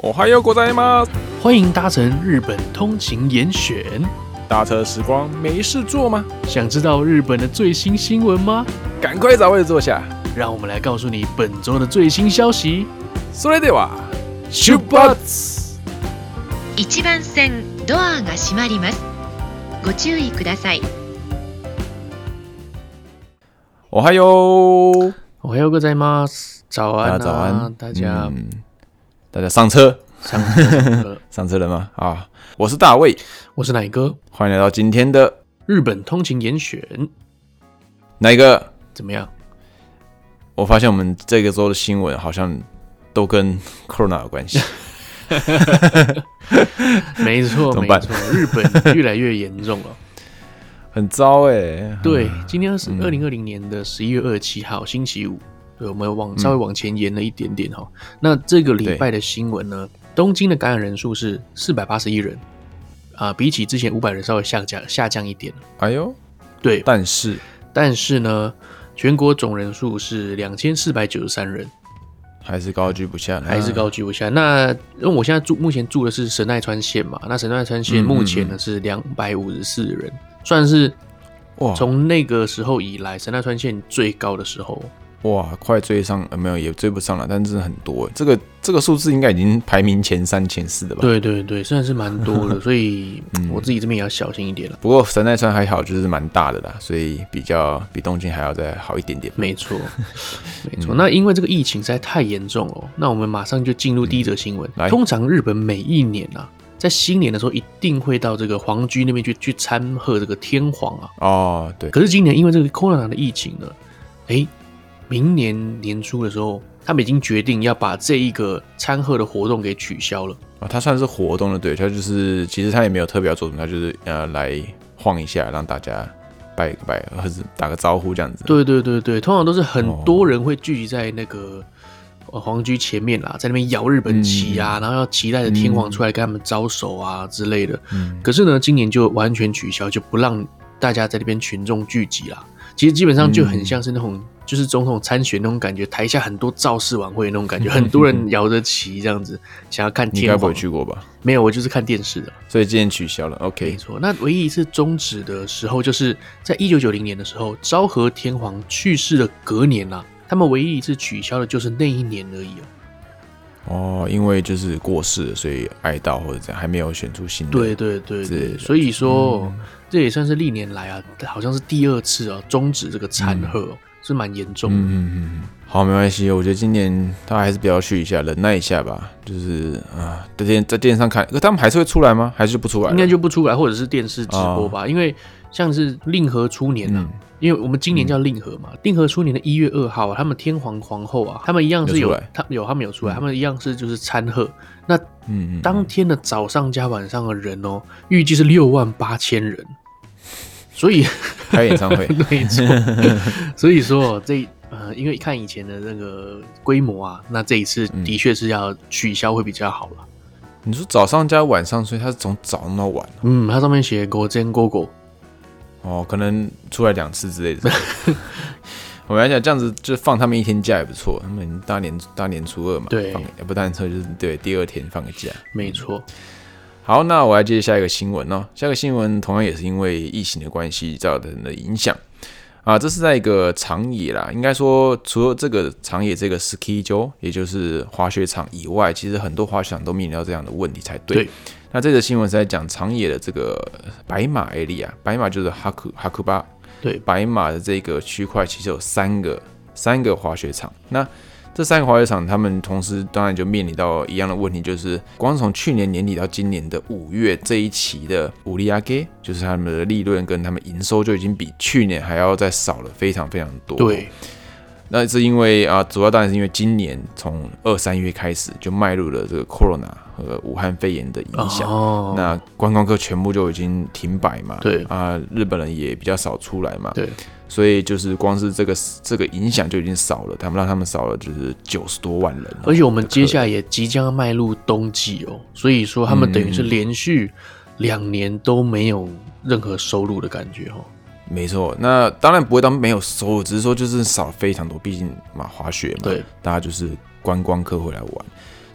おはようございます。歡迎搭乘日本通勤嚴選，搭車時光沒事做嗎？想知道日本的最新新聞嗎？趕快找位子坐下，讓我們來告訴你本周的最新消息。それでは、出発！一番線、ドアが閉まります。ご注意ください。おはよう、おはようございます。早安、啊，早安，大家。嗯大家上車，上車， 上車了嗎？啊，我是大衛，我是奶哥，歡迎來到今天的日本通勤嚴選。奶哥，怎麼樣？我發現我們這個週的新聞好像都跟 Corona 有關係。沒錯，沒錯，日本越來越嚴重了，很糟哎、欸。對，今天是二零二零年的十一月二十七號，嗯、星期五。對，我們往稍微往前延了一點點哈。嗯、那這個禮拜的新聞呢？對東京的感染人數是四百八十一人啊，呃，比起之前五百人稍微下降下降一點。哎呦，對，但是但是呢，全國總人數是兩千四百九十三人，還是高居不下，還是高居不下。那，那因為我現在住目前住的是神奈川縣嘛，那神奈川縣目前呢嗯嗯是兩百五十四人，算是哇，從那個時候以來哇神奈川縣最高的時候。哇，快追上！呃，沒有，也追不上了。但是很多，這個這個數字應該已經排名前三、前四的吧？對對對，雖然是蠻多的，所以我自己這邊也要小心一點了。 嗯、不過神奈川還好，就是蠻大的啦，所以比較比東京還要再好一點點。沒錯，沒錯。 嗯、那因為這個疫情實在太嚴重了，那我們馬上就進入第一則新聞。嗯、通常日本每一年啊，在新年的時候一定會到這個皇居那邊去去參賀這個天皇啊。哦，對。可是今年因為這個コロナ的疫情呢，哎。明年年初的時候，他們已經決定要把這一個參賀的活動給取消了啊！它算是活動的，對，它就是其實它也沒有特別要做什麼，它就是呃來晃一下，讓大家拜個拜或者打個招呼這樣子。對對對對，通常都是很多人會聚集在那個、哦呃、皇居前面啦，在那邊搖日本旗啊，嗯、然後要期待着天皇出來跟他們招手啊之類的。嗯、可是呢，今年就完全取消，就不讓大家在那邊群眾聚集了。其實基本上就很像是那種。嗯就是總統參選那種感覺，台下很多造勢晚會的那種感覺，很多人搖着旗這樣子， 想要看天皇，你該不會去過吧？沒有，我就是看電視的。所以今天取消了。OK，沒錯。那唯一一次終止的時候，就是在一九九零年的時候，昭和天皇去世的隔年啊。他們唯一一次取消的，就是那一年而已，喔、哦。因為就是過世了，所以哀悼或者這樣，還沒有選出新的。對對，對對對，所以說，嗯、這也算是歷年來啊，好像是第二次啊，終止這個參賀。嗯是蠻嚴重的嗯。嗯嗯嗯。好，沒關係。我覺得今年大家還是不要去一下，忍耐一下吧。就是啊，在電在電視上看，可他們還是會出來嗎？還是不出來？應該就不出來，或者是電視直播吧。哦、因為像是令和初年啊，嗯、因為我們今年叫令和嘛。嗯、令和初年的一月二號、啊，他們天皇皇後啊，他們一樣是有，有他有他們有出來，嗯、他們一樣是就是參賀。那嗯嗯，當天的早上加晚上的人哦、喔，預計是六萬八千人。所以開演唱會，所以說這呃，因為看以前的那個規模啊，那這一次的確是要取消會比較好了，嗯。你說早上加晚上，所以他是從早弄到晚，啊。嗯，他上面寫 “Go, Jane Go, Go”。哦，可能出來兩次之類的是是。 我跟你講這樣子，就放他們一天假也不錯。他們大年大年初二嘛，對，放不單年就是對第二天放個假，沒錯。好，那我來接下一個新聞哦，下一個新聞同樣也是因為疫情的關係造成的影響啊。這是在一個長野啦，應該說除了這個長野這個 ski Joe，也就是滑雪場以外，其實很多滑雪場都面臨到這樣的問題才對。對，那這個新聞是在講長野的這個白馬エリア，白馬就是哈庫哈庫巴。對，白馬的這個區塊其實有三個三個滑雪場。那這三個滑雪場，他們同時當然就面臨到一樣的問題，就是光是從去年年底到今年的五月這一期的うりあげ，就是他們的利潤跟他們營收就已經比去年還要再少了非常非常多。對，那是因為啊，主要當然是因為今年從二三月開始就邁入了這個 Corona 和武漢肺炎的影響，oh. 那觀光客全部就已經停擺嘛。對啊，日本人也比較少出來嘛。對。所以就是光是這個這個影響就已經少了，他們讓他們少了就是九十多萬人，人，而且我們接下來也即將要邁入冬季哦，所以說他們等於是連續兩年都沒有任何收入的感覺哦。嗯、沒錯，那當然不會當沒有收入，只是說就是少了非常多，畢竟嘛滑雪嘛，對，大家就是觀光客回來玩，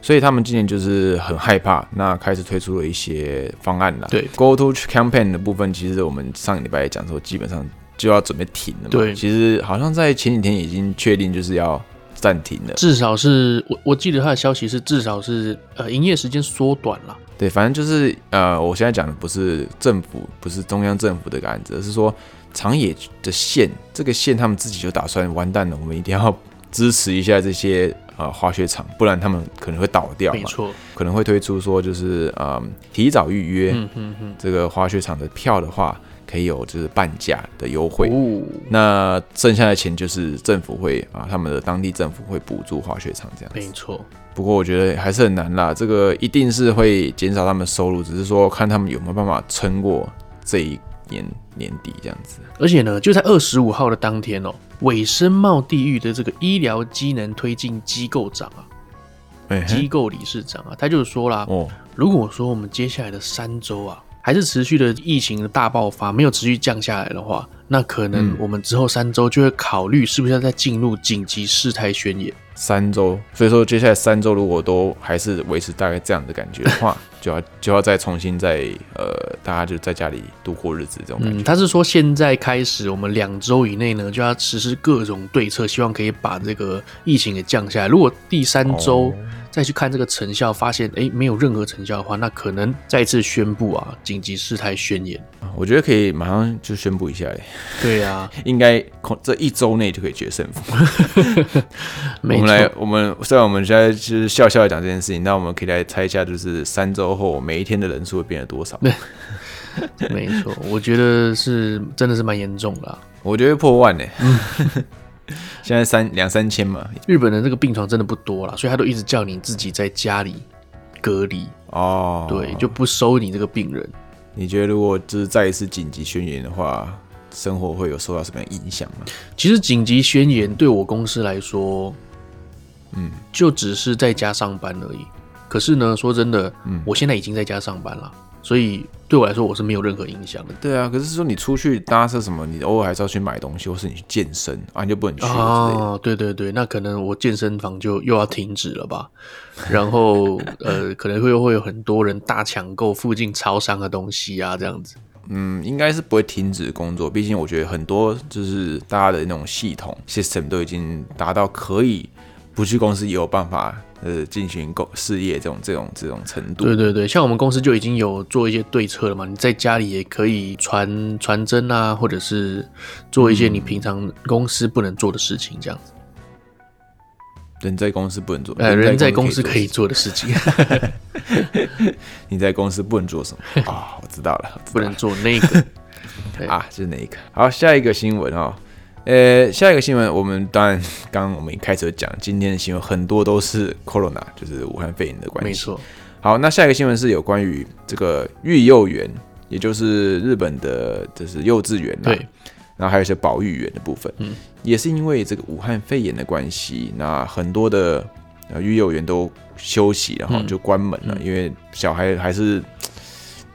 所以他們今年就是很害怕，那開始推出了一些方案了。對，Go to campaign 的部分，其實我們上禮拜也講說，基本上。就要準備停了嘛。對，其實好像在前幾天已經確定就是要暫停了。至少是我我記得他的消息是至少是呃營業時間縮短了。對，反正就是呃我現在講的不是政府，不是中央政府的個案子，而是說長野的縣，這個縣他們自己就打算完蛋了，我們一定要支持一下這些呃滑雪場，不然他們可能會倒掉。沒錯，可能會推出說就是啊、呃、提早預約這個滑雪場的票的話。嗯嗯嗯嗯可以有就是半價的優惠，哦、那剩下的錢就是政府會啊，他們的當地政府會補助滑雪場這樣子。沒錯錯，不過我覺得還是很難啦，這個一定是會減少他們收入，只是說看他們有沒有辦法撐過這一年年底這樣子。而且呢，就在二十五號的當天哦，尾身茂地域的這個醫療機能推進機構長啊，機、欸、呵構理事長啊，他就說了，哦、如果說我們接下來的三周啊。還是持續的疫情的大爆發，沒有持續降下來的話，那可能我們之後三周就會考慮是不是要再進入緊急事態宣言、嗯、三周。所以說，接下來三周如果都還是維持大概這樣的感覺的話， 就要就要再重新再呃，大家就在家裡度過日子這種。嗯，他是說現在開始，我們兩周以內呢就要實施各種對策，希望可以把這個疫情給降下來。如果第三周、哦。再去看這個成效，發現哎、欸，沒有任何成效的話，那可能再次宣布啊，緊急事態宣言啊，我覺得可以馬上就宣布一下哎。對呀、啊，應該這一周內就可以決勝負。 沒錯，我們來，我們雖然我們現在就是笑笑的講這件事情，那我們可以來猜一下，就是三周後每一天的人數會變得多少？對，沒錯，我覺得是真的是蠻嚴重的、啊，我覺得破萬呢。嗯現在三兩三千嘛，日本的這個病床真的不多了，所以他都一直叫你自己在家裡隔離哦，對，就不收你這個病人。你覺得如果就是再一次緊急宣言的話，生活會有受到什麼樣影響嗎？其實緊急宣言對我公司來說，嗯，就只是在家上班而已。可是呢，說真的，嗯，我現在已經在家上班了，所以。對我來說，我是沒有任何影響的。對啊，可是說你出去搭車什麼，你偶爾還是要去買東西，或是你去健身啊，你就不能去啊。哦對對對，那可能我健身房就又要停止了吧？ 然後呃，可能會又會有很多人大搶購附近超商的東西啊，這樣子。嗯，應該是不會停止工作，畢竟我覺得很多就是大家的那種系統 system 都已經達到可以不去公司也有辦法。呃，進行公事業這種這種這種程度，對對對，像我們公司就已經有做一些對策了嘛。你在家裡也可以傳傳真啊，或者是做一些你平常公司不能做的事情，這樣子。嗯，人在公司不能做，人在公司可以做的事情。 你在公司不能做什麼？哦，我知道了，我知道了，不能做那個 對啊，是哪一個？好，下一個新聞哦。呃，下一個新聞，我們當然，剛剛我們也開始講今天的新聞，很多都是 corona，就是武漢肺炎的關係。沒錯。好，那下一個新聞是有關於這個育幼園，也就是日本的，就是幼稚園。對。然後還有一些保育園的部分，嗯、也是因為這個武漢肺炎的關係，那很多的育幼園都休息，嗯、然後就關門了，因為小孩還是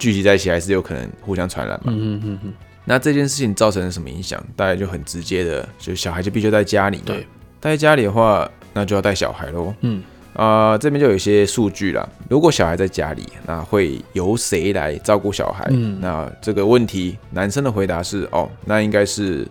聚集在一起，還是有可能互相傳染嘛。嗯嗯嗯。那這件事情造成了什麼影響？大家就很直接的，就小孩就必須在家裡。對，在家裡的話，那就要帶小孩嘍。嗯，啊、呃，這邊就有一些數據啦。如果小孩在家裡，那會由誰來照顧小孩？嗯。那這個問題，男生的回答是：哦，那應該是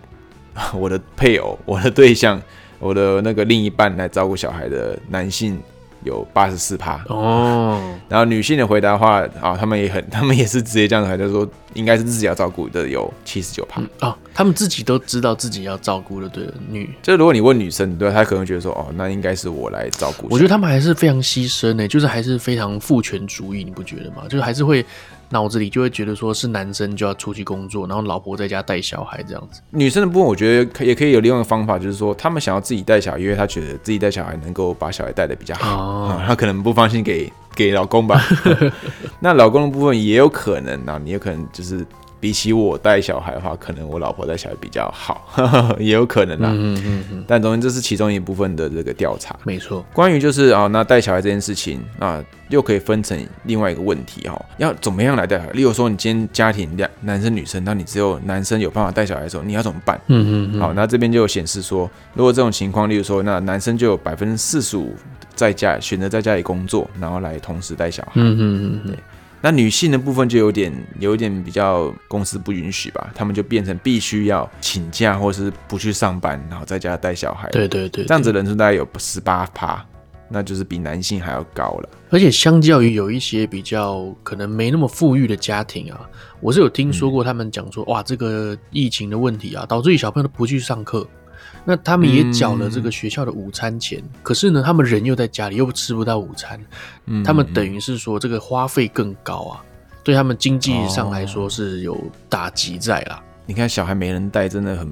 我的配偶、我的對象、我的那個另一半來照顧小孩的男性。有八十四趴哦，oh. 然後女性的回答的話啊，他們也很，他們也是直接這樣回答，就是說應該是自己要照顧的有七十九趴啊，oh, 他們自己都知道自己要照顧的，對的，女就如果你問女生，對，她可能覺得說哦，那應該是我來照顧。我覺得他們還是非常犧牲呢、欸，就是還是非常父權主義，你不覺得嗎？就是還是會。腦子裡就會覺得，說是男生就要出去工作，然後老婆在家帶小孩這樣子。女生的部分，我覺得也可以有另外一個方法，就是說他們想要自己帶小孩，因為他覺得自己帶小孩能夠把小孩帶得比較好，哦嗯，他可能不放心給給老公吧。嗯、 那老公的部分也有可能，啊，你有可能就是。比起我帶小孩的話，可能我老婆帶小孩比較好呵呵，也有可能啊。嗯嗯，嗯，但總之，這是其中一部分的這個調查。沒錯，關於就是啊、哦，那帶小孩這件事情，啊，又可以分成另外一個問題哈、哦，要怎麼樣來帶小孩？例如說，你今天家庭兩男生女生，那你只有男生有辦法帶小孩的時候，你要怎麼辦？嗯嗯。嗯嗯好，那這邊就顯示說，如果這種情況，例如說，那男生就有百分之四十五在家選擇在家裡工作，然後來同時帶小孩。嗯嗯嗯嗯。嗯嗯對。那女性的部分就有點，有點比較公司不允許吧，他們就變成必須要請假或是不去上班，然後在家帶小孩。對對，對對對，這樣子的人數大概有十八趴，那就是比男性還要高了。而且相較於有一些比較可能沒那麼富裕的家庭啊，我是有聽說過他們講說，嗯、哇，這個疫情的問題啊，導致小朋友都不去上課。那他們也繳了這個學校的午餐錢，嗯、可是呢，他們人又在家裡，又吃不到午餐，嗯、他們等於是說這個花費更高啊，嗯、對他們經濟上來說是有打擊在啦、哦。你看小孩沒人帶，真的很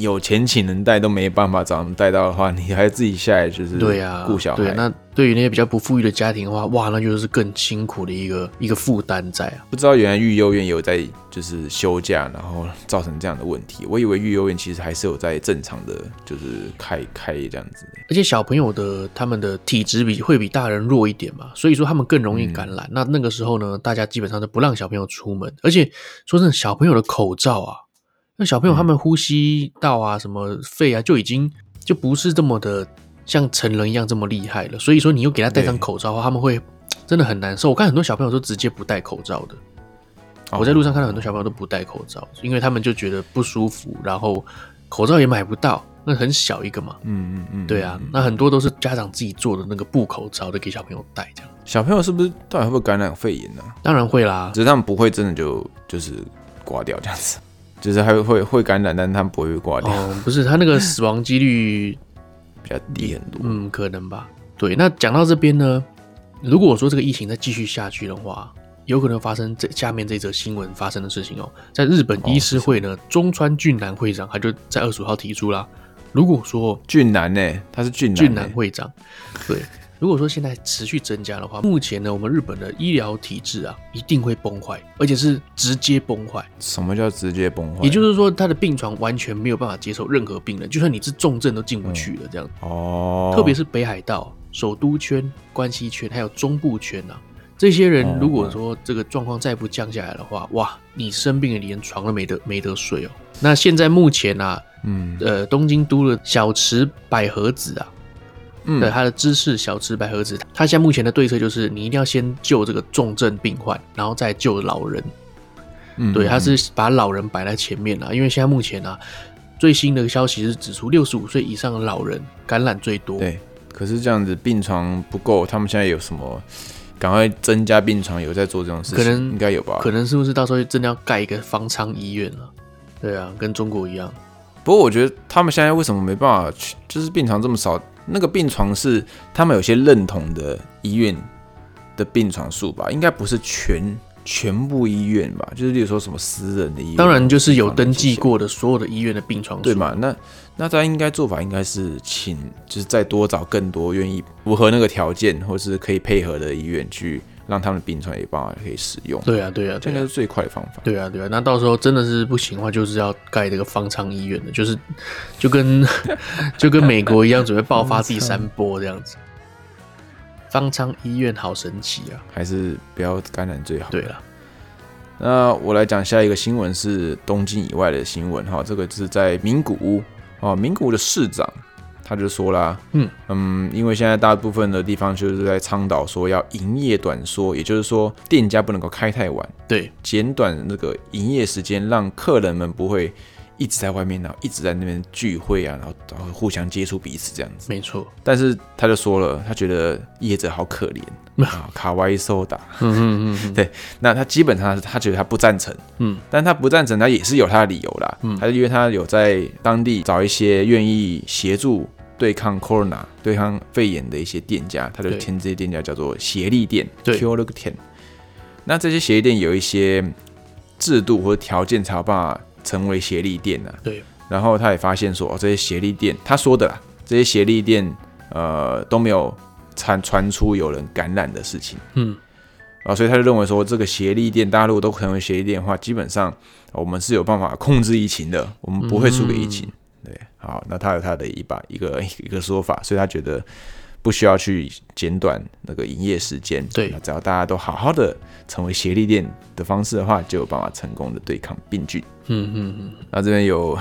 有錢請人帶都沒辦法，找人帶到的話，你還自己下來就是對呀顧小孩。對於那些比較不富裕的家庭的話，哇，那就是更辛苦的一個一個負擔在啊。不知道原來育幼院有在就是休假，然後造成這樣的問題。我以為育幼院其實還是有在正常的，就是開開這樣子。而且小朋友的他們的體質比會比大人弱一點嘛，所以說他們更容易感染。嗯、那那個時候呢，大家基本上就不讓小朋友出門。而且說真的，小朋友的口罩啊，那小朋友他們呼吸道啊，嗯、什麼肺啊，就已經就不是這麼的。像成人一樣這麼厲害了，所以說你又給他戴上口罩的話，對他們會真的很難受。我看很多小朋友都直接不戴口罩的，Okay. 我在路上看到很多小朋友都不戴口罩，因為他們就覺得不舒服，然後口罩也買不到，那很小一個嘛。嗯嗯嗯，嗯對啊，那很多都是家長自己做的那個布口罩，的給小朋友戴這樣。小朋友是不是到底會不會感染肺炎呢？當然會啦，只是他們不會真的就就是掛掉這樣子，就是還會會感染，但是他們不會掛掉、嗯。不是他那個死亡幾率。 比較低很多，嗯，可能吧。對，那講到這邊呢，如果我說這個疫情再繼續下去的話，有可能發生這下面這則新聞發生的事情哦、喔。在日本醫師會呢，哦、中川俊男會長他就在二十五號提出啦。如果說俊男呢，他是俊男俊男會長，對。如果說現在持續增加的話，目前呢，我們日本的醫療體制啊，一定會崩壞，而且是直接崩壞。什麼叫直接崩壞？也就是說，他的病床完全沒有辦法接受任何病人，就算你是重症都進不去了，嗯、這樣子。哦。特別是北海道、首都圈、關西圈還有中部圈啊，這些人如果說這個狀況再不降下來的話，嗯、哇，哇，你生病了連床都沒得沒得睡哦。那現在目前啊，嗯，呃，東京都的小池百合子啊。嗯、對他的知事、小池、百合子，他現在目前的對策就是：你一定要先救這個重症病患，然後再救老人。嗯，對，他是把老人擺在前面了，啊，因為現在目前啊，最新的消息是指出，六十五歲以上的老人感染最多。對，可是這樣子病床不夠，他們現在有什麼？趕快增加病床，有在做這種事情？可能應該有吧？可能是不是到時候真的要蓋一個方艙醫院了，啊？對啊，跟中國一樣。不過我覺得他們現在為什麼沒辦法去？就是病床這麼少。那個病床是他們有些認同的醫院的病床數吧？應該不是全全部醫院吧？就是例如說什麼私人的醫院，當然就是有登記過的所有的醫院的病床數，對嗎？那那大家應該做法應該是請，就是再多找更多願意符合那個條件或是可以配合的醫院去。讓他們病床也有辦法可以使用。對啊，對啊，這應該是最快的方法。對啊，對啊，啊啊、那到時候真的是不行的話，就是要蓋這個方艙醫院的， 就是就跟 就跟美國一樣，準備爆發第三波這樣子。方艙醫院好神奇啊！還是不要感染最好。對了、啊，那我來講下一個新聞是東京以外的新聞哈、哦，這個是在名古屋哦，名古屋的市長。他就說啦，嗯嗯，因為現在大部分的地方就是在倡導說要營業短縮，也就是說店家不能夠開太晚，對，減短那個營業時間，讓客人們不會一直在外面然後一直在那邊聚會啊，然後然後互相接觸彼此這樣子。沒錯錯，但是他就說了，他覺得業者好可憐，卡哇伊蘇打， 嗯嗯嗯，對，那他基本上他覺得他不贊成，嗯，但他不贊成，他也是有他的理由啦，嗯，他是因為他有在當地找一些願意協助。對抗 Corona 對抗肺炎的一些店家，他就簽這些店家叫做協力店 Cooperation，那這些協力店有一些制度或者條件才有辦法成為協力店呢？啊，對。然後他也發現說，哦，這些協力店，他說的啦，這些協力店呃都沒有傳傳出有人感染的事情。嗯。啊，所以他就認為說，這個協力店大陸都成為協力店的話，基本上我們是有辦法控制疫情的，嗯，我們不會輸給疫情。嗯、對。好，那他有他的一把，一個一個說法，所以他覺得不需要去簡短那個營業時間。對，只要大家都好好的成為協力店的方式的話，就有辦法成功的對抗病菌。嗯嗯嗯。那這邊有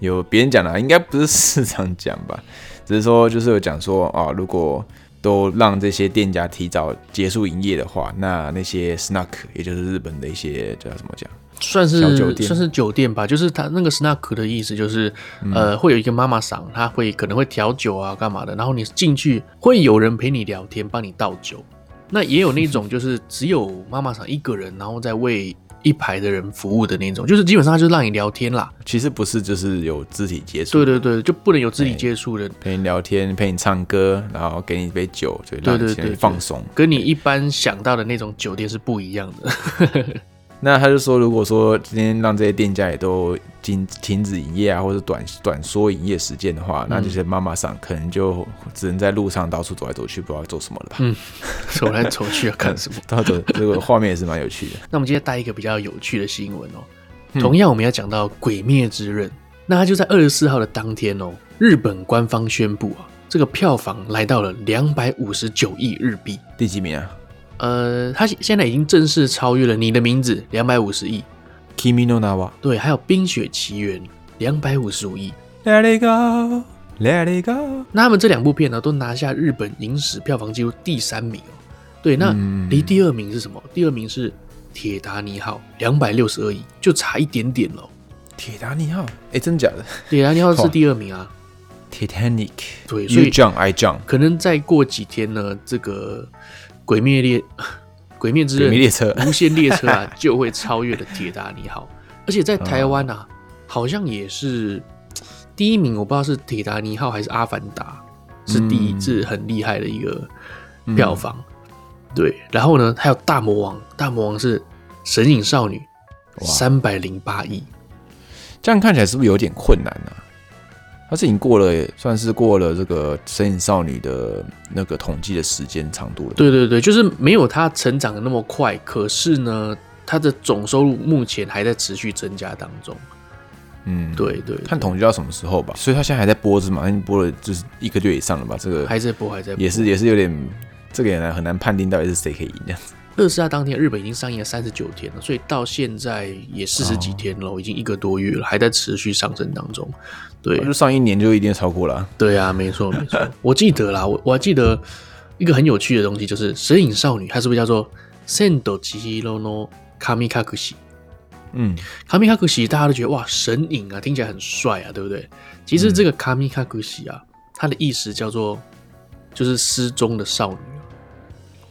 有別人講的，應該不是市場講吧？只是說就是有講說哦、啊，如果都讓這些店家提早結束營業的話，那那些 snack 也就是日本的一些叫什麼講？算是酒店，算是酒店吧，就是它那個 snack 的意思，就是、嗯、呃，會有一個媽媽桑，他會可能會調酒啊，幹嘛的。然後你進去會有人陪你聊天，幫你倒酒。那也有那種就是只有媽媽桑一個人，然後再為一排的人服務的那種，就是基本上他就是讓你聊天啦。其實不是，就是有肢體接觸。對對對，就不能有肢體接觸的。陪你聊天，陪你唱歌，然後給你一杯酒，對對對，放鬆。對跟你一般想到的那種酒店是不一樣的。 那他就說，如果說今天讓這些店家也都停停止營業啊，或者短短縮營業時間的話，那這些媽媽桑可能就只能在路上到處走來走去，不知道做什麼了吧？嗯，走來走去要、啊、幹 什麼？到處、 嗯、這個畫面也是蠻有趣的。 那我們今天帶一個比較有趣的新聞哦，同樣我們要講到《鬼滅之刃》嗯。那他就在二十四號的當天哦，日本官方宣布啊，這個票房來到了兩百五十九億日幣。第幾名啊？呃，他現在已經正式超越了你的名字，兩百五十億。Kiminonawa 對，還有《冰雪奇緣》兩百五十五億。Let it go, Let it go。那他們這兩部片呢，都拿下日本影史票房紀錄第三名、哦。對，那離第二名是什麼？嗯、第二名是《鐵達尼號》兩百六十二億，就差一點點嘍、哦。鐵達尼號？哎、欸，真的假的？鐵達尼號是第二名啊。Titanic。對，所以。You jump, I jump. 可能再過幾天呢，這個。鬼滅列，鬼滅之刃，鬼滅列車，無限列車啊，就會超越了鐵達尼號。 而且在台灣啊，好像也是第一名，我不知道是鐵達尼號還是阿凡達是第一，是很厲害的一個票房。嗯嗯、對，然後呢，還有大魔王，大魔王是神隱少女，三百零八億，這樣看起來是不是有點困難呢、啊？它已經過了，算是過了這個《神隱少女》的那個統計的時間長度了。對對對，就是沒有它成長的那麼快，可是呢，它的總收入目前還在持續增加當中。嗯，對,對對，看統計到什麼時候吧。所以它現在還在播着嘛？已經播了就是一個月以上了吧？這個是還在播，還在播也是也是有點這個也很難,很難判定到底是誰可以贏。這樣，二十二當天日本已經上映了三十九天了，所以到現在也四十幾天了，oh. 已經一個多月了，還在持續上升當中。對，就上一年就一定超過了。對啊，沒錯沒錯，我記得啦，我我還記得一個很有趣的東西，就是神隱少女，它是不是叫做 Sento Chihiro no Kamikakushi？嗯，Kamikakushi 大家都覺得哇，神隱啊，聽起來很帥啊，對不對？其實這個 Kamikakushi 啊，它的意思叫做就是失蹤的少女。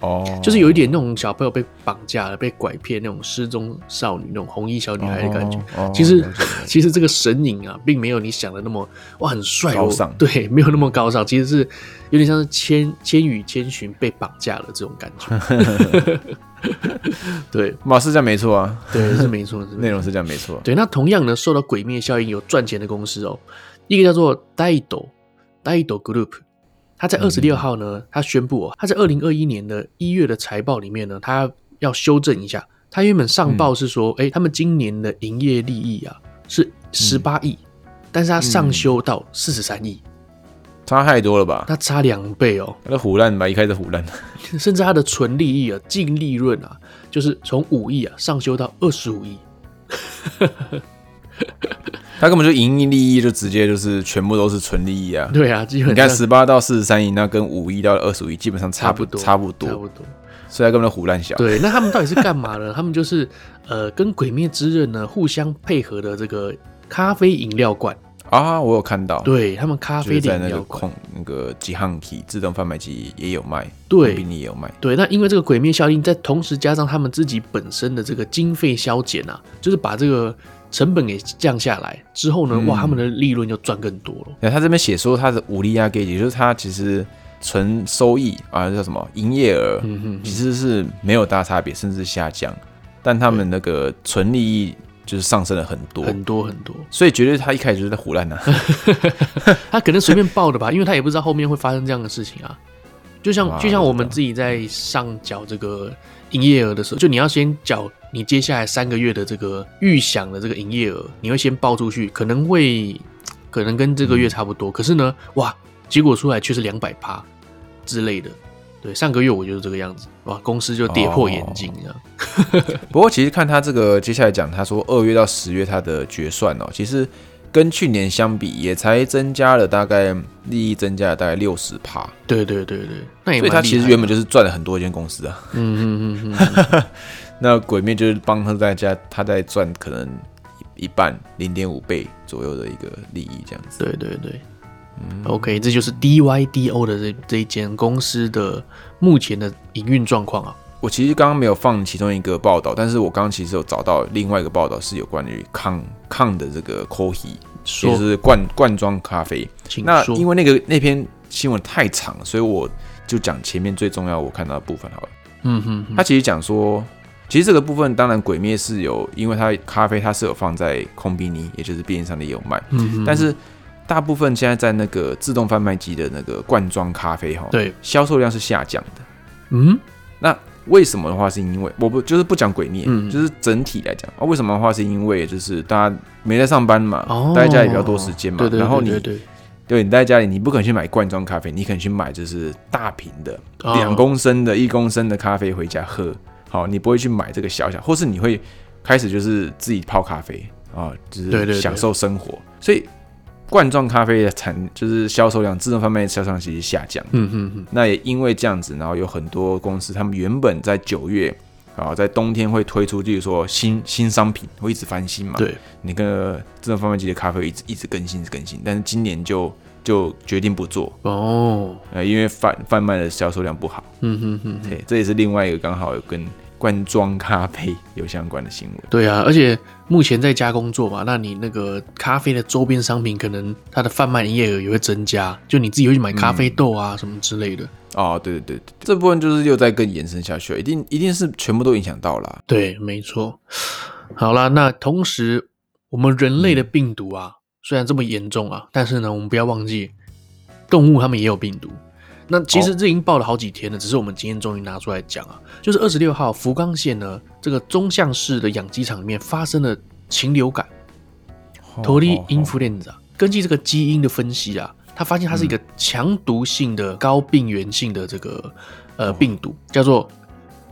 哦，oh, 就是有一點那種小朋友被綁架了、被拐騙那種失蹤少女、那種紅衣小女孩的感覺。Oh, oh, oh, 其實，其實這個神隱啊，並沒有你想的那麼哇，很帥、哦，高尚對，沒有那麼高尚，其實是有點像是千《千千與千尋》被綁架了這種感覺。 對，嘛，是這樣沒錯啊， 對，是沒錯，內 容是這樣沒錯。對，那同樣呢，受到鬼滅效應有賺錢的公司哦，一個叫做 Daido, Daido Group。他在二十六號呢，嗯、他宣布、喔，他在二零二一年的一月的財報裡面呢，他要修正一下，他原本上報是說，哎、嗯欸，他們今年的營業利益啊是十八億，嗯、但是他上修到四十三億，差太多了吧？他差兩倍哦、喔，那唬爛吧，一開始唬爛，甚至他的純利益啊，淨利潤啊，就是從五億啊上修到二十五億。 他根本就盈利利益就直接就是全部都是純利益啊！對啊基本上你看十八到四十三億，那跟五億到二十五億基本上差不，差不多，差不多，差不多，所以他根本就胡亂想。對，那他們到底是幹嘛呢？ 他們就是呃，跟鬼滅《鬼滅之刃》呢互相配合的這個咖啡飲料罐啊，我有看到。對他們咖啡飲料控那個幾行 K 自動販賣機也有賣，便利對也有賣。對，那因為這個鬼滅效應，在同時加上他們自己本身的這個經費削減啊，就是把這個。成本給降下來之後呢，哇，嗯、他們的利潤就賺更多了。那、嗯、他這邊寫說他的五利亞給也就是他其實純收益啊，叫什麼營業額，嗯、哼其實是沒有大差別，甚至下降，但他們那個純利益就是上升了很多，很多很多。所以絕對他一開始就是在唬爛的， 他可能隨便報的吧， 因為他也不知道後面會發生這樣的事情啊。就像、哦啊、就像我們自己在上繳這個營業額的時候，就你要先繳。你接下來三個月的這個預想的這個營業額，你會先報出去，可能會，可能跟這個月差不多。嗯、可是呢，哇，結果出來卻是兩百趴之類的。對，上個月我就是這個樣子，哇，公司就跌破眼鏡。哦、 不過其實看他這個接下來講，他說二月到十月他的決算哦，其實跟去年相比也才增加了大概利益，增加了大概六十趴。對對對對，那也蠻厲害。所以他其實原本就是賺了很多一間公司啊。嗯嗯嗯嗯。那鬼滅就是幫他再加，他在賺可能一半零點五倍左右的一個利益，這樣子。對對對，嗯，OK，這就是 DYDO 的這這一間公司的目前的營運狀況啊。我其實剛剛沒有放其中一個報道，但是我剛剛其實有找到另外一個報道，是有關於抗抗的這個咖啡，就是罐罐裝咖啡。那因為那個那篇新聞太長了，所以我就講前面最重要我看到的部分好了。嗯哼，他其實講說。其實這個部分，當然鬼滅是有，因為它咖啡它是有放在 convenience，也就是便利商店也有賣。嗯，嗯。但是大部分現在在那個自動販賣機的那個罐裝咖啡哈，對，銷售量是下降的。嗯。那為什麼的話，是因為我不就是不講鬼滅，嗯、就是整體來講啊，為什麼的話是因為就是大家沒在上班嘛，哦、待在家裡比較多時間嘛。對對對對。然後你，對，你在家裡，你不可能去買罐裝咖啡，你可以去買就是大瓶的兩、哦、公升的、一公升的咖啡回家喝。好，你不會去買這個小小，或是你會開始就是自己泡咖啡啊、哦，就是享受生活。對對對。所以罐裝咖啡的產就是銷售量，自動販賣機的銷售量其實下降。嗯哼哼。那也因為這樣子，然後有很多公司，他們原本在九月啊，在冬天會推出，就是說新新商品，嗯、會一直翻新嘛。對。你跟自動販賣機的咖啡一直一直更新一直更新，但是今年就就決定不做哦。因為販販賣的銷售量不好。嗯哼哼。對，這也是另外一個剛好有跟。罐裝咖啡有相關的新聞，對啊，而且目前在家工作嘛，那你那個咖啡的周邊商品，可能它的販賣營業額也會增加，就你自己會去買咖啡豆啊、嗯、什麼之類的。哦，對對對，這部分就是又再更延伸下去了，一定一定是全部都影響到啦。對，沒錯。好啦，那同時我們人類的病毒啊，嗯、雖然這麼嚴重啊，但是呢，我們不要忘記，動物他們也有病毒。那其實已經爆了好幾天了，oh. 只是我們今天終於拿出來講啊，就是二十六號福岡縣呢，這個中相市的養雞場裡面發生了禽流感 influenza，根據這個基因的分析啊，他發現它是一個強毒性的高病原性的這個、oh. 呃病毒，叫做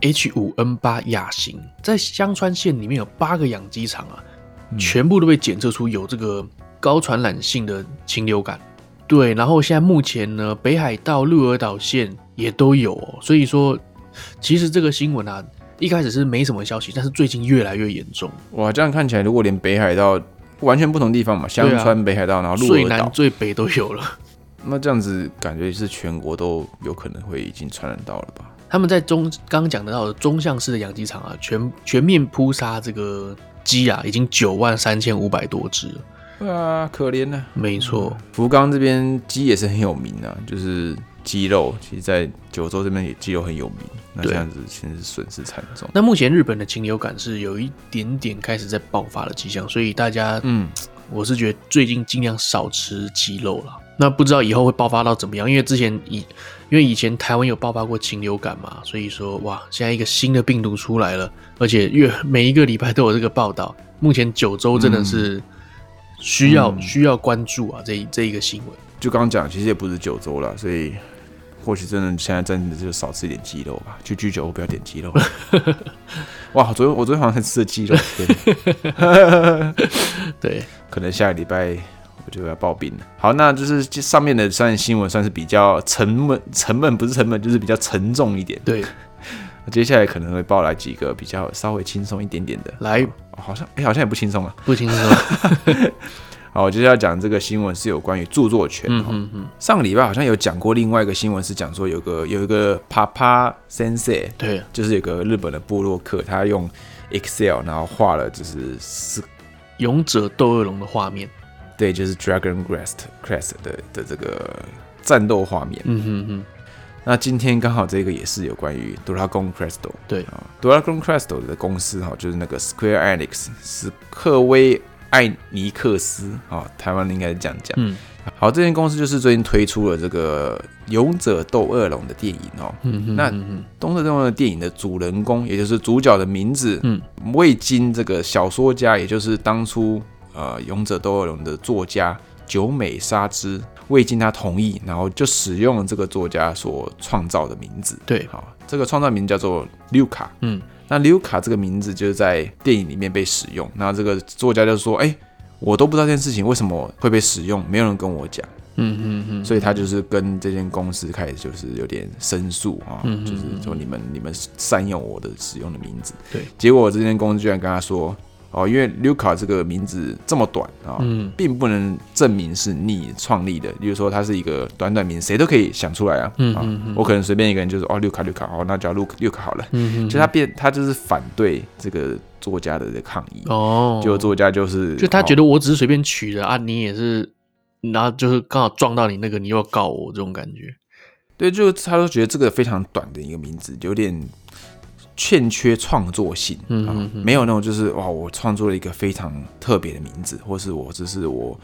H5N8 亞型。在香川縣裡面有八個養雞場啊，oh, oh, oh. 全部都被檢測出有這個高傳染性的禽流感。對，然後現在目前呢，北海道、鹿兒島縣也都有，哦。所以說，其實這個新聞啊，一開始是沒什麼消息，但是最近越來越嚴重。哇，這樣看起來，如果連北海道完全不同地方嘛，香川、北海道，然後鹿兒島、啊，最南島最北都有了。那這樣子感覺也是全國都有可能會已經傳染到了吧？他們在中剛剛講得到的中央市的養雞場啊，全全面撲殺這個雞啊，已經九萬三千五百多隻。啊，可憐吶，啊！沒錯錯，福岡這邊雞也是很有名的，啊，就是雞肉。其實，在九州這邊也雞肉很有名。對那這樣子，其實損失慘重。那目前日本的禽流感是有一點點開始在爆發的跡象，所以大家，嗯，我是覺得最近盡量少吃雞肉了。那不知道以後會爆發到怎麼樣？因為之前以，因為以前台灣有爆發過禽流感嘛，所以說，哇，現在一個新的病毒出來了，而且越每一個禮拜都有這個報道。目前九州真的是。嗯需要、嗯、需要關注啊，這一這一個新聞。就剛剛講，其實也不是九州了，所以或許真的現在真的就少吃一點雞肉吧。去居酒屋，不要點雞肉了。 哇，昨天我昨天好像還吃了雞肉。 對，可能下個禮拜我就要暴斃了。好，那就是上面的算新聞，算是比較沉悶，沉悶不是沉悶，就是比較沉重一點。對。接下來可能會報來幾個比較稍微輕鬆一點點的，來好，好像哎、欸，好像也不輕鬆啊，不輕鬆。 好，我接下來要講這個新聞是有關於著作權。嗯嗯嗯。嗯嗯上個禮拜好像有講過另外一個新聞，是講說有個有一個 Papa Sense 對，就是有個日本的部落客他用 Excel 然後畫了就是是勇者鬥惡龍的畫面，對，就是 Dragon Quest Quest 的的這個戰鬥畫面。嗯嗯嗯那今天剛好這個也是有關於對、哦《多拉貢 Crystal》，對啊，《多拉貢 Crystal》的公司哈、哦，就是那個 Square Enix，史克威艾尼克斯啊、哦，台灣應該是這樣講。嗯，好，這間公司就是最近推出了這個《勇者鬥惡龍》的電影哦。嗯哼嗯哼。那《勇者鬥惡龍》的電影的主人公，也就是主角的名字，未經、嗯、這個小說家，也就是當初呃《勇者鬥惡龍》的作家久美沙織。未經他同意，然後就使用了這個作家所創造的名字。對，好，哦，這個創造名叫做 Luca。嗯，那 Luca 這個名字就是在電影裡面被使用。那這個作家就說：“哎，我都不知道這件事情為什麼會被使用，沒有人跟我講。嗯”嗯嗯嗯，所以他就是跟這間公司開始就是有點申訴啊，哦嗯嗯嗯，就是說你們你們擅用我的使用的名字。對，結果這間公司居然跟他說。哦，因為 Luca 這個名字這麼短啊，哦嗯、並不能證明是你創立的。比如說，它是一個短短名，誰都可以想出來啊。嗯,嗯,嗯、哦，我可能隨便一個人就是哦，Luca，Luca，哦，那叫 Luca，Luca 好了。嗯嗯。就他變，他就是反對這個作家的抗議。哦。就作家就是，就他覺得我只是隨便取的、哦、啊，你也是，然後就是剛好撞到你那個，你又要告我這種感覺。對，就他都覺得這個非常短的一個名字有點。欠缺創作性，嗯哼哼，沒有那種就是哇，我創作了一個非常特別的名字，或是我只是我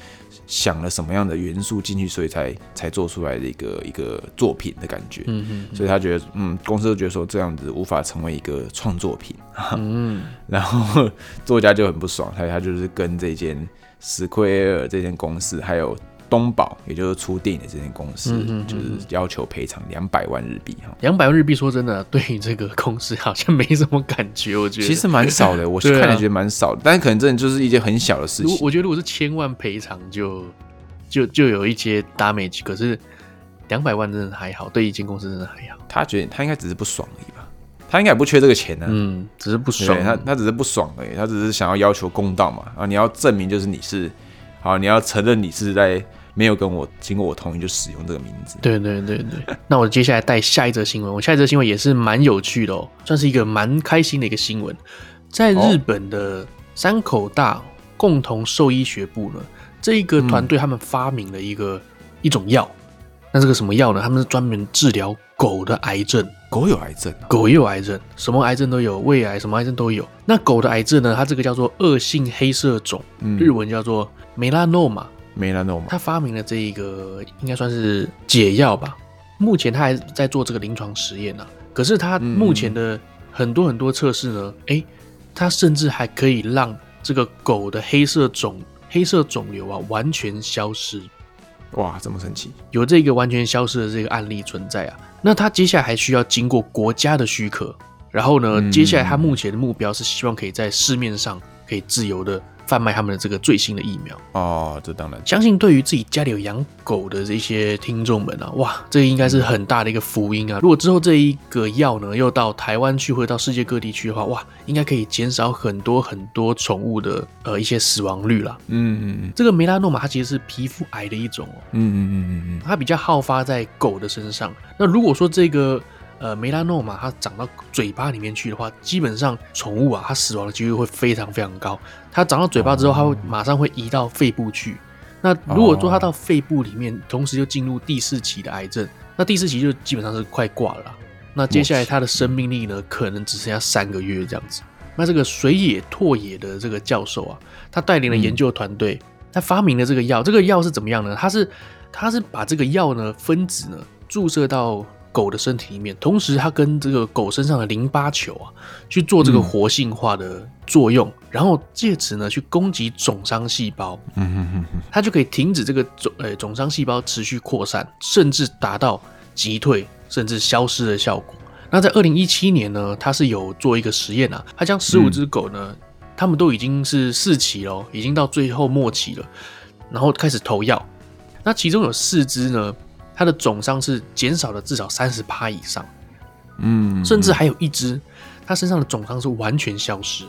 想了什麼樣的元素進去，所以才才做出來的一個一個作品的感覺，嗯哼嗯哼，所以他覺得，嗯，公司就覺得說這樣子無法成為一個創作品，啊，嗯哼，然後作家就很不爽，他他就是跟這間 Square 這間公司還有。東寶，也就是出電影的這間公司，嗯哼嗯哼，就是要求賠償兩百萬日幣哈。兩百萬日幣，說真的，對於這個公司好像沒什麼感覺。我覺得其實蠻少的，我是看的覺得蠻少的，啊、但是可能真的就是一件很小的事情。我覺得如果是千萬賠償，就就就有一些 damage。可是兩百萬真的還好，對一間公司真的還好。他覺得他應該只是不爽而已吧？他應該也不缺這個錢呢、啊。嗯，只是不爽，他他只是不爽而已。他只是想要要求公道嘛。啊，你要證明就是你是好，你要承認你是在。沒有跟我經過我同意就使用這個名字。對對對對， 那我接下來帶下一則新聞。我下一則新聞也是蠻有趣的哦，算是一個蠻開心的一個新聞。在日本的山口大共同獸醫學部呢，哦、這一個團隊他們發明了一個、嗯、一種藥。那這個什麼藥呢？他們是專門治療狗的癌症。狗有癌症、哦，狗也有癌症，什麼癌症都有，胃癌什麼癌症都有。那狗的癌症呢？它這個叫做惡性黑色腫，日文叫做梅拉諾瑪。嗯梅蘭諾嗎，他發明了這一個應該算是解藥吧。目前他還在做這個臨床實驗呢、啊。可是他目前的很多很多測試呢，誒、嗯嗯欸，他甚至還可以讓這個狗的黑色腫黑色腫瘤啊完全消失。哇，這麼神奇！有這個完全消失的這個案例存在啊。那他接下來還需要經過國家的許可。然後呢，嗯、接下來他目前的目標是希望可以在市面上。可以自由的販賣他們的這個最新的疫苗哦，這當然相信對於自己家裡有養狗的這些聽眾們啊，哇，這應該是很大的一個福音啊！如果之後這一個藥呢，又到台灣去或者到世界各地去的話，哇，應該可以減少很多很多寵物的呃一些死亡率啦。嗯嗯嗯，這個梅拉諾瑪它其實是皮膚癌的一種哦，嗯嗯嗯嗯嗯，它比較好發在狗的身上。那如果說這個呃，梅拉諾瑪，它長到嘴巴裡面去的話，基本上寵物啊，它死亡的幾率會非常非常高。它長到嘴巴之後，它會馬上會移到肺部去。那如果說它到肺部裡面，同時就進入第四期的癌症，那第四期就基本上是快掛了啦。那接下來它的生命力呢，可能只剩下三個月這樣子。那這個水野拓野的這個教授啊，他帶領了研究團隊，他、嗯、發明了這個藥。這個藥是怎麼樣呢？他是他是把這個藥呢分子呢注射到。狗的身體裡面，同時它跟這個狗身上的淋巴球啊，去做這個活性化的作用，嗯、然後借此呢去攻擊腫傷細胞，嗯、哼哼哼，它就可以停止這個腫呃腫傷細胞持續擴散，甚至達到擊退甚至消失的效果。那在二零一七年呢，它是有做一個實驗啊，它將十五隻狗呢，他、嗯、們都已經是四期了，已經到最後末期了，然後開始投藥，那其中有四隻呢。它的總傷是減少了至少三十趴以上，嗯，嗯，嗯，甚至還有一隻，它身上的腫傷是完全消失，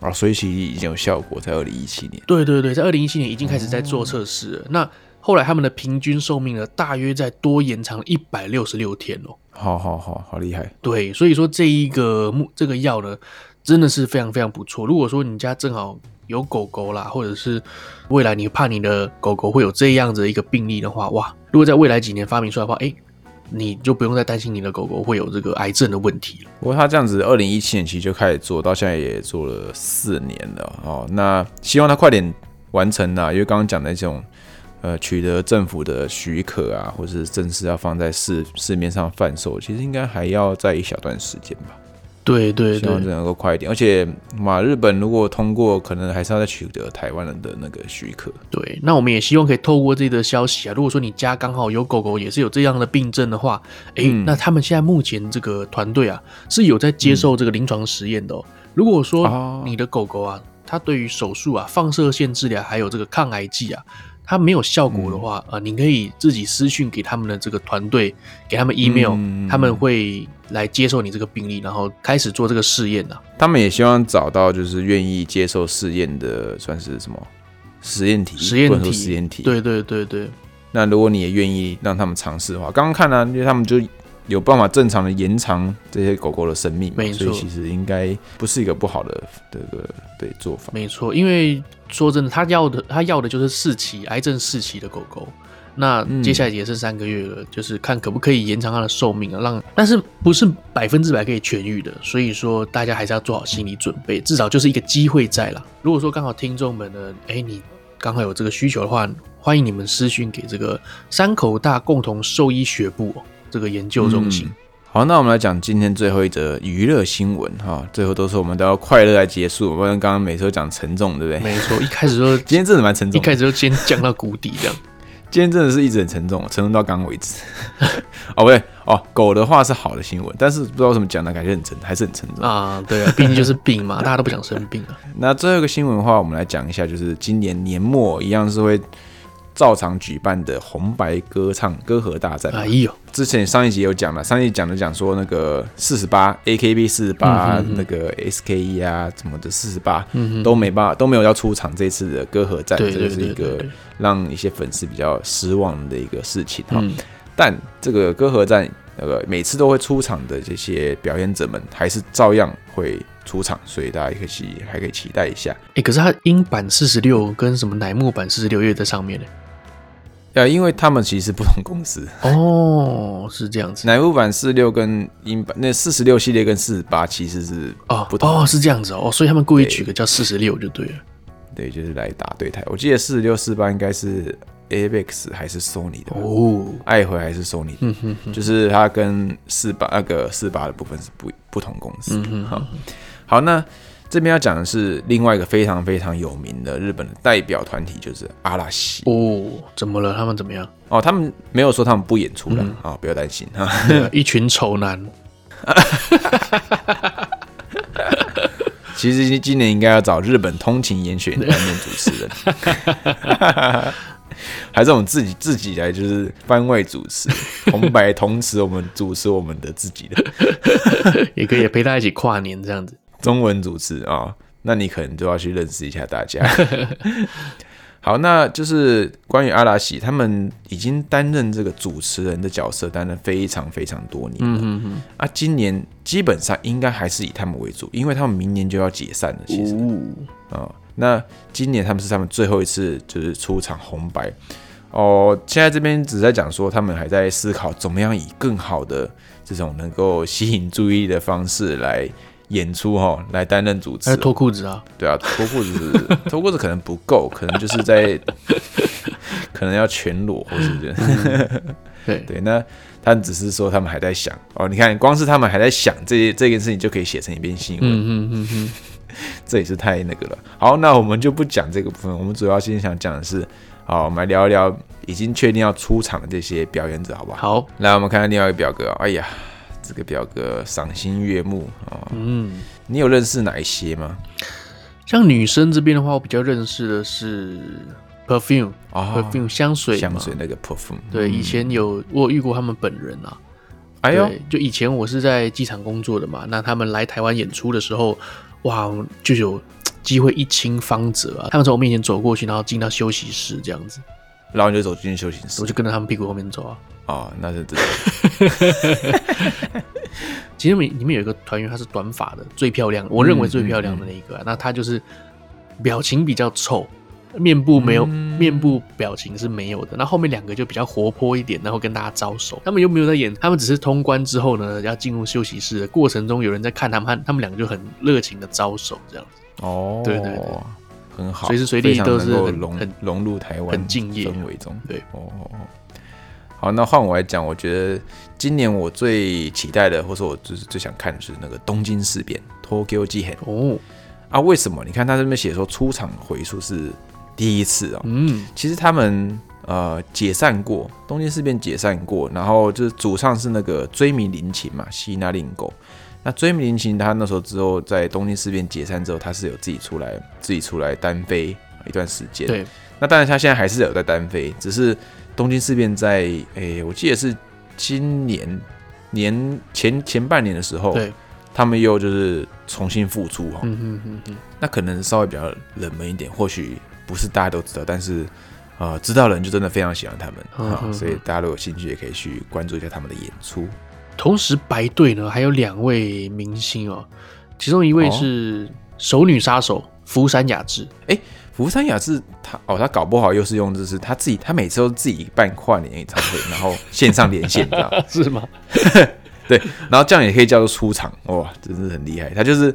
啊，所以其實已經有效果，在二零一七年。對對對，在二零一七年已經開始在做測試了。嗯、那後來他們的平均壽命呢，大約再多延長一百六十六天哦、喔。好好好，好厲害。對，所以說這一個目這個藥呢，真的是非常非常不錯。如果說你家正好。有狗狗啦，或者是未來你怕你的狗狗會有這樣子的一個病例的話，哇！如果在未來幾年發明出來的話，哎，你就不用再擔心你的狗狗會有這個癌症的問題了。不過他這樣子，二零一七年其實就開始做，到現在也做了四年了哦。那希望他快點完成啦、啊，因為剛剛講的這種，呃，取得政府的許可啊，或是正式要放在市市面上販售，其實應該還要再一小段時間吧。對對對，希望這能夠快一點。對對對，而且嘛日本如果通過，可能還是要再取得台灣人的那個許可。對，那我們也希望可以透過這個消息啊，如果說你家剛好有狗狗也是有這樣的病症的話，哎、欸，嗯、那他們現在目前這個團隊啊是有在接受這個臨床實驗的、喔。嗯、如果說你的狗狗啊，它、啊、對於手術啊、放射線治療還有這個抗癌劑啊。他沒有效果的話，嗯、呃，你可以自己私訊給他們的這個團隊，給他們 email，、嗯、他們會來接受你這個病例，然後開始做這個試驗的。他們也希望找到就是願意接受試驗的，算是什麼實驗體？實驗體？實驗體？對對對對。那如果你也願意讓他們嘗試的話，剛剛看了、啊，因為他們就。有辦法正常的延長這些狗狗的生命，沒錯，所以其實應該不是一個不好的這個對，對做法。沒錯，因為說真的，他要的他要的就是四期癌症四期的狗狗，那接下來也剩三個月了，嗯、就是看可不可以延長它的壽命啊，讓但是不是百分之百可以痊癒的，所以說大家還是要做好心理準備，嗯、至少就是一個機會在啦。如果說剛好聽眾們呢，哎、欸，你剛好有這個需求的話，歡迎你們私訊給這個山口大共同獸醫學部、哦。這個研究中心。嗯、好，那我們來講今天最後一則娛樂新聞哈，最後都是我們都要快樂來結束。不然剛剛每次都講沉重，對不對？沒錯，一開始說 今天真的蠻沉重，一開始就先降到谷底這樣。 今天真的是一直很沉重，沉重到剛為止。 哦喂，哦狗的話是好的新聞，但是不知道為什麼講的感覺很沉，還是很沉重啊？對啊，畢竟就是病嘛， 大家都不想生病啊。 那最後一個新聞的話，我們來講一下，就是今年年末一樣是會。照常舉辦的紅白歌唱歌合大戰。哎呦，之前上一集有講了，上一集講的講說那個四十八 A K B 四十八，那個 S K E 啊什麼的四十八都沒辦法都沒有要出場這次的歌合戰，這就是一個讓一些粉絲比較失望的一個事情哈。但這個歌合戰，那個每次都會出場的這些表演者們還是照樣會出場，所以大家也可以還可以期待一下。哎，可是他櫻坂四十六，跟什麼乃木坂四十六也在上面呢、欸？呃，因為他們其實不同公司哦，是這樣子。奶牛版四六跟英版，那四十六系列跟四十八其實是哦不同哦，哦，是這樣子哦，所以他們故意取個叫四十六就對了。對，就是來打對台。我記得四十六、四八應該是愛貝克斯還是 Sony 的哦，愛回還是 sony 的、嗯、哼哼就是它跟四八那個四八的部分是不不同公司。嗯哼，哼好，好，好那。這邊要講的是另外一個非常非常有名的日本的代表團體，就是阿拉西哦。怎麼了？他們怎麼樣？哦，他們沒有說他們不演出了啊、嗯哦，不要擔心啊。嗯、 一群醜男。 其實今年應該要找日本通勤嚴選擔任主持人，對 還是我們自己自己來，就是番外主持、紅白同時我們主持我們的自己的， 也可以陪他一起跨年這樣子。中文主持啊、哦，那你可能就要去認識一下大家。 好，那就是關於阿拉喜，他們已經擔任這個主持人的角色，擔任非常非常多年了。了嗯，嗯，嗯啊，今年基本上應該還是以他們為主，因為他們明年就要解散了。其實哦。啊、哦，那今年他們是他們最後一次就是出場紅白。哦，現在這邊只在講說他們還在思考怎麼樣以更好的這種能夠吸引注意力的方式來。演出哦，來擔任主持，還脫褲子啊？對啊，脫褲子，脫褲 子可能不夠，可能就是在，可能要全裸，是不是？嗯、 對，那他只是說他們還在想哦，你看，光是他們還在想這些這件事情，就可以寫成一篇新聞。嗯、哼哼哼，這也是太那個了。好，那我們就不講這個部分，我們主要現在想講的是，好，我們來聊一聊已經確定要出場的這些表演者，好不好？好，來，我們看看另外一個表格，哎呀。這個表格賞心悅目，哦、嗯，你有認識哪一些嗎？像女生這邊的話，我比較認識的是 perfume 啊、哦、perfume 香水香水那個 perfume。對，嗯、以前有我有遇過他們本人啊。哎呦，就以前我是在機場工作的嘛，那他們來台灣演出的時候，哇，就有機會一親芳澤啊！他們從我面前走過去，然後進到休息室這樣子，然後你就走進去休息室，我就跟着他們屁股後面走啊。哦，那是真的。其實裡面有一個團員，他是短髮的，最漂亮，嗯、我認為最漂亮的那一個、啊。嗯、那他就是表情比較醜，面部沒有，嗯、面部表情是沒有的。那後，後面兩個就比較活潑一點，然後跟大家招手。他們又沒有在演，他們只是通關之後呢，要進入休息室。過程中有人在看他們，他，他們兩個就很熱情的招手，這樣子。哦，對對對，很好，隨時隨地都是很融入台灣很敬業氛圍中。對，哦。好，那換我來講，我覺得今年我最期待的，或者我就是最想看的是那個東京事變 Tokyo Jihen。哦啊，為什麼？你看他這邊寫說出場回數是第一次啊、哦。嗯，其實他們呃解散過，東京事變解散過，然後就是主唱是那個椎名林檎嘛，西納令狗。那椎名林檎他那時候之後在東京事變解散之後，他是有自己出來自己出來單飛一段時間。對，那當然他現在還是有在單飛，只是。東京事變在誒、欸，我記得是今年年前前半年的時候，對，他們又就是重新復出哈，嗯嗯嗯嗯，那可能稍微比較冷門一點，或許不是大家都知道，但是啊、呃，知道的人就真的非常喜歡他們、嗯哼哼哦、所以大家如果有興趣，也可以去關注一下他們的演出。同時白隊，白隊呢還有兩位明星哦，其中一位是熟女殺手、哦、福山雅治，哎、欸。福山雅治他哦，他搞不好又是用就是他自己，他每次都自己辦跨年演唱會， 然後線上連線，這樣 是嗎？ 對，然後這樣也可以叫做出場哇、哦，真的是很厲害。他就是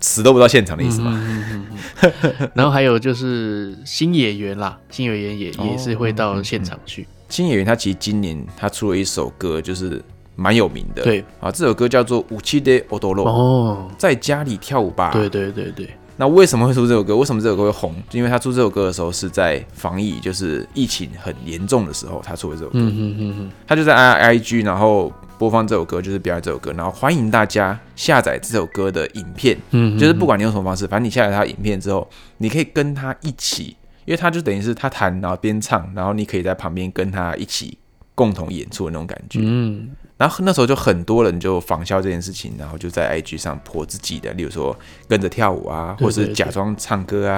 死都不到現場的意思嘛、嗯嗯嗯嗯。然後還有就是星野源啦，星野源也、哦、也是會到現場去。嗯嗯、星野源他其實今年他出了一首歌，就是蠻有名的。對啊，這首歌叫做《うちでおどろ》，哦，在家裡跳舞吧。對對對對。那為什麼會出這首歌？為什麼這首歌會紅？因為他出這首歌的時候是在防疫，就是疫情很嚴重的時候，他出的這首歌。嗯、哼哼哼他就在 I I G，然後播放這首歌，就是表演這首歌，然後歡迎大家下載這首歌的影片。嗯、哼哼就是不管你用什麼方式，反正你下載他影片之後，你可以跟他一起，因為他就等於是他彈，然後邊唱，然後你可以在旁邊跟他一起共同演出的那種感覺。嗯然後那時候就很多人就仿效這件事情，然後就在 IG 上 po 自己的，例如說跟着跳舞啊，或是假裝唱歌啊，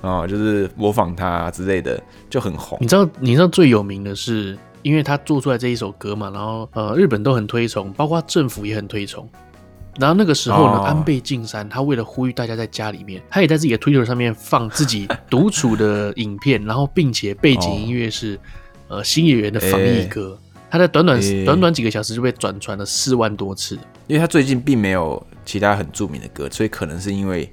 啊、嗯，就是模仿他、啊、之類的，就很紅。你知道，你知道最有名的是，因為他做出來這一首歌嘛，然後呃，日本都很推崇，包括政府也很推崇。然後那個時候呢，哦、安倍晉三他為了呼籲大家在家裡面，他也在自己的推特上面放自己獨處的 影片，然後並且背景音樂是、哦、呃新演員的防疫歌。欸他在短短、欸、短短幾個小時就被轉傳了四萬多次，因為他最近並沒有其他很著名的歌，所以可能是因為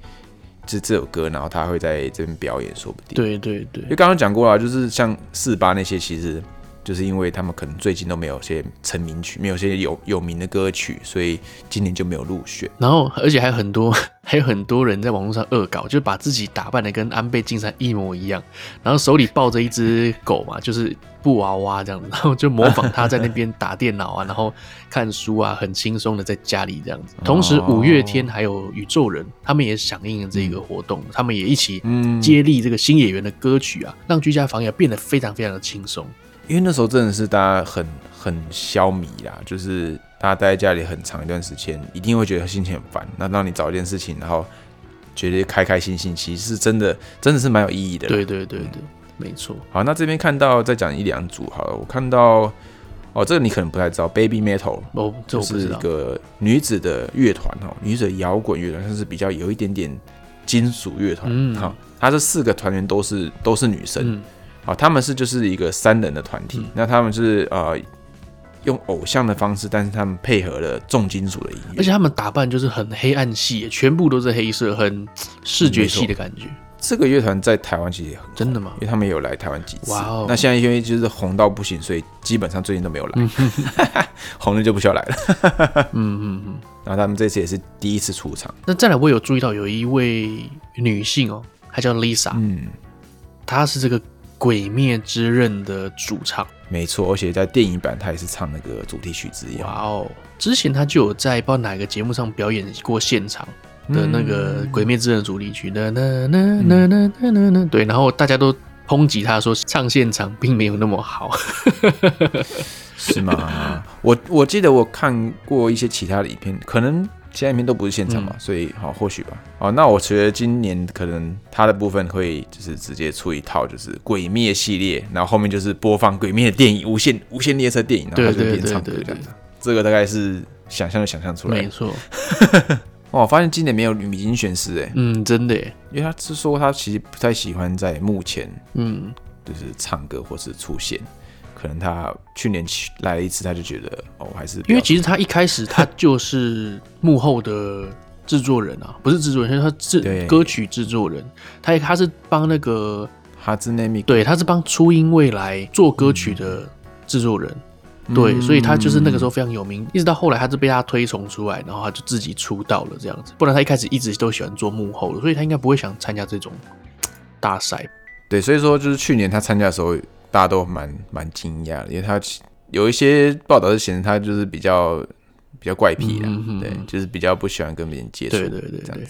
這這首歌，然後他會在這邊表演，說不定。對對對，就剛剛講過了，就是像四八那些，其實就是因為他們可能最近都沒有一些成名曲，沒有些有有名的歌曲，所以今年就沒有入選。然後，而且還有很多，還有很多人在網絡上惡搞，就把自己打扮的跟安倍晉三一模一樣，然後手裡抱着一隻狗嘛，就是。布娃娃這樣子，然後就模仿他在那邊打電腦啊， 然後看書啊，很輕鬆的在家裡這樣子。同時，五月天還有宇宙人，哦、他們也響應了這個活動，嗯、他們也一起接力這個星野源的歌曲啊，嗯、讓居家防疫變得非常非常的輕鬆。因為那時候真的是大家很很消弭啦,就是大家待在家裡很長一段時間，一定會覺得心情很煩。那當你找一件事情，然後覺得開開心心，其實是真的，真的是蠻有意義的。對對對對。嗯沒錯，好，那這邊看到再講一兩組好了。我看到哦，這個你可能不太知道，Baby Metal 哦，就是一個女子的樂團哈、哦，女子搖滾樂團，它、就是比較有一點點金屬樂團哈、嗯哦。它這四個團員都是都是女生，好、嗯，他、哦、們是就是一個三人的團體，嗯、那他們、就是呃用偶像的方式，但是他們配合了重金屬的音樂，而且他們打扮就是很黑暗系，全部都是黑色，很視覺系的感覺。這個樂團在台灣其實也很紅，真的嗎？因為他們有來台灣幾次。哇哦 Wow！那現在因為就是紅到不行，所以基本上最近都沒有來。嗯、哼 紅了就不需要來了。 嗯嗯嗯。然後他們這次也是第一次出場。那再來，我有注意到有一位女性哦、喔，她叫 Lisa。嗯，她是這個《鬼滅之刃》的主唱。沒錯，而且在電影版，她也是唱那個主題曲之一。哇哦、wow！之前她就有在不知道哪個節目上表演過現場。的那個《鬼滅之刃》的主題曲，呢呢呢呢呢呢對，然後大家都抨擊他說唱現場並沒有那麼好，是嗎？ 我我記得我看過一些其他的影片，可能其他影片都不是現場吧，嗯、所以好或許吧好。那我覺得今年可能他的部分會就是直接出一套就是《鬼滅》系列，然後後面就是播放《鬼滅》的電影《無限無限列車》電影，然後他就邊唱對,對,對,對,對,對這樣子。這個大概是想象就想象出來，沒錯。 哦、我發現今年沒有女明星選手哎，嗯，真的耶，因為他是說他其實不太喜歡在幕前，嗯，就是唱歌或是出現，嗯、可能他去年起來了一次他就覺得哦還是，因為其實他一開始他就是幕後的製作人啊， 不是製作人，是他是對歌曲製作人，他也他是幫那個哈茲內米， 對，他是幫初音未來做歌曲的製作人。嗯對，所以他就是那個時候非常有名，嗯、一直到後來他是被他推崇出來，然後他就自己出道了這樣子。不然他一開始一直都喜歡做幕後，所以他應該不會想參加這種大賽。對，所以說就是去年他參加的時候，大家都蠻蠻驚訝的，因為他有一些報道是顯得他就是比較比較怪癖的，嗯嗯、對，就是比較不喜歡跟別人接觸，對對對，對，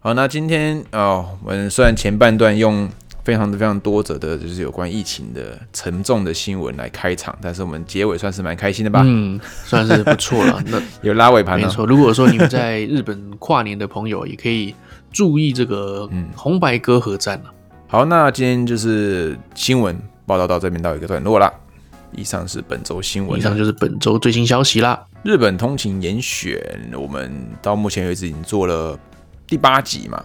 好，那今天哦，我們雖然前半段用。非常的非常多則的就是有關疫情的沉重的新聞來開場，但是我們結尾算是蠻開心的吧，嗯、算是不錯了， 那有拉尾盤了。沒錯，如果說你們在日本跨年的朋友也可以注意這個紅白歌合戰了、啊嗯。好，那今天就是新聞報道到這邊到一個段落了。以上是本週新聞，以上就是本週最新消息啦。日本通勤嚴選，我們到目前為止已經做了第八集嘛，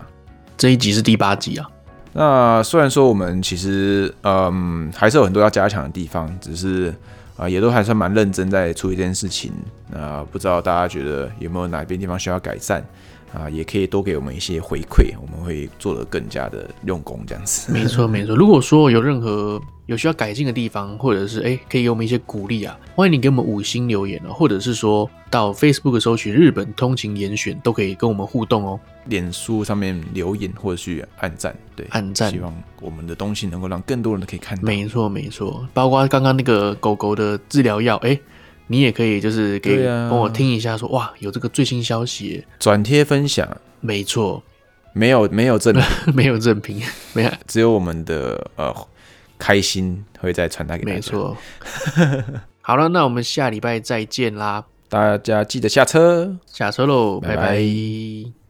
這一集是第八集啊。那雖然說我們其實，嗯，還是有很多要加強的地方，只是啊、呃，也都還算蠻認真在處理這件事情。那、呃、不知道大家覺得有沒有哪邊地方需要改善啊、呃，也可以多給我們一些回饋，我們會做得更加的用功這樣子。沒錯沒錯，如果說有任何有需要改進的地方，或者是哎、欸，可以給我們一些鼓勵啊，歡迎你給我們五星留言哦、喔，或者是說。到 Facebook 搜尋日本通勤嚴選都可以跟我們互動哦，臉書上面留言或者是按讚，對，按讚讚，希望我們的東西能夠讓更多人可以看到。沒錯，沒錯，包括剛剛那個狗狗的治療藥，哎、欸，你也可以就是給、啊、幫我聽一下說，說哇，有這個最新消息耶，轉貼分享。沒錯錯，沒有沒有證，沒有正品， 沒有正， 只有我們的呃開心會再傳達給大家。沒錯錯， 好了，那我們下禮拜再見啦。大家記得下車，下車嘍，拜拜。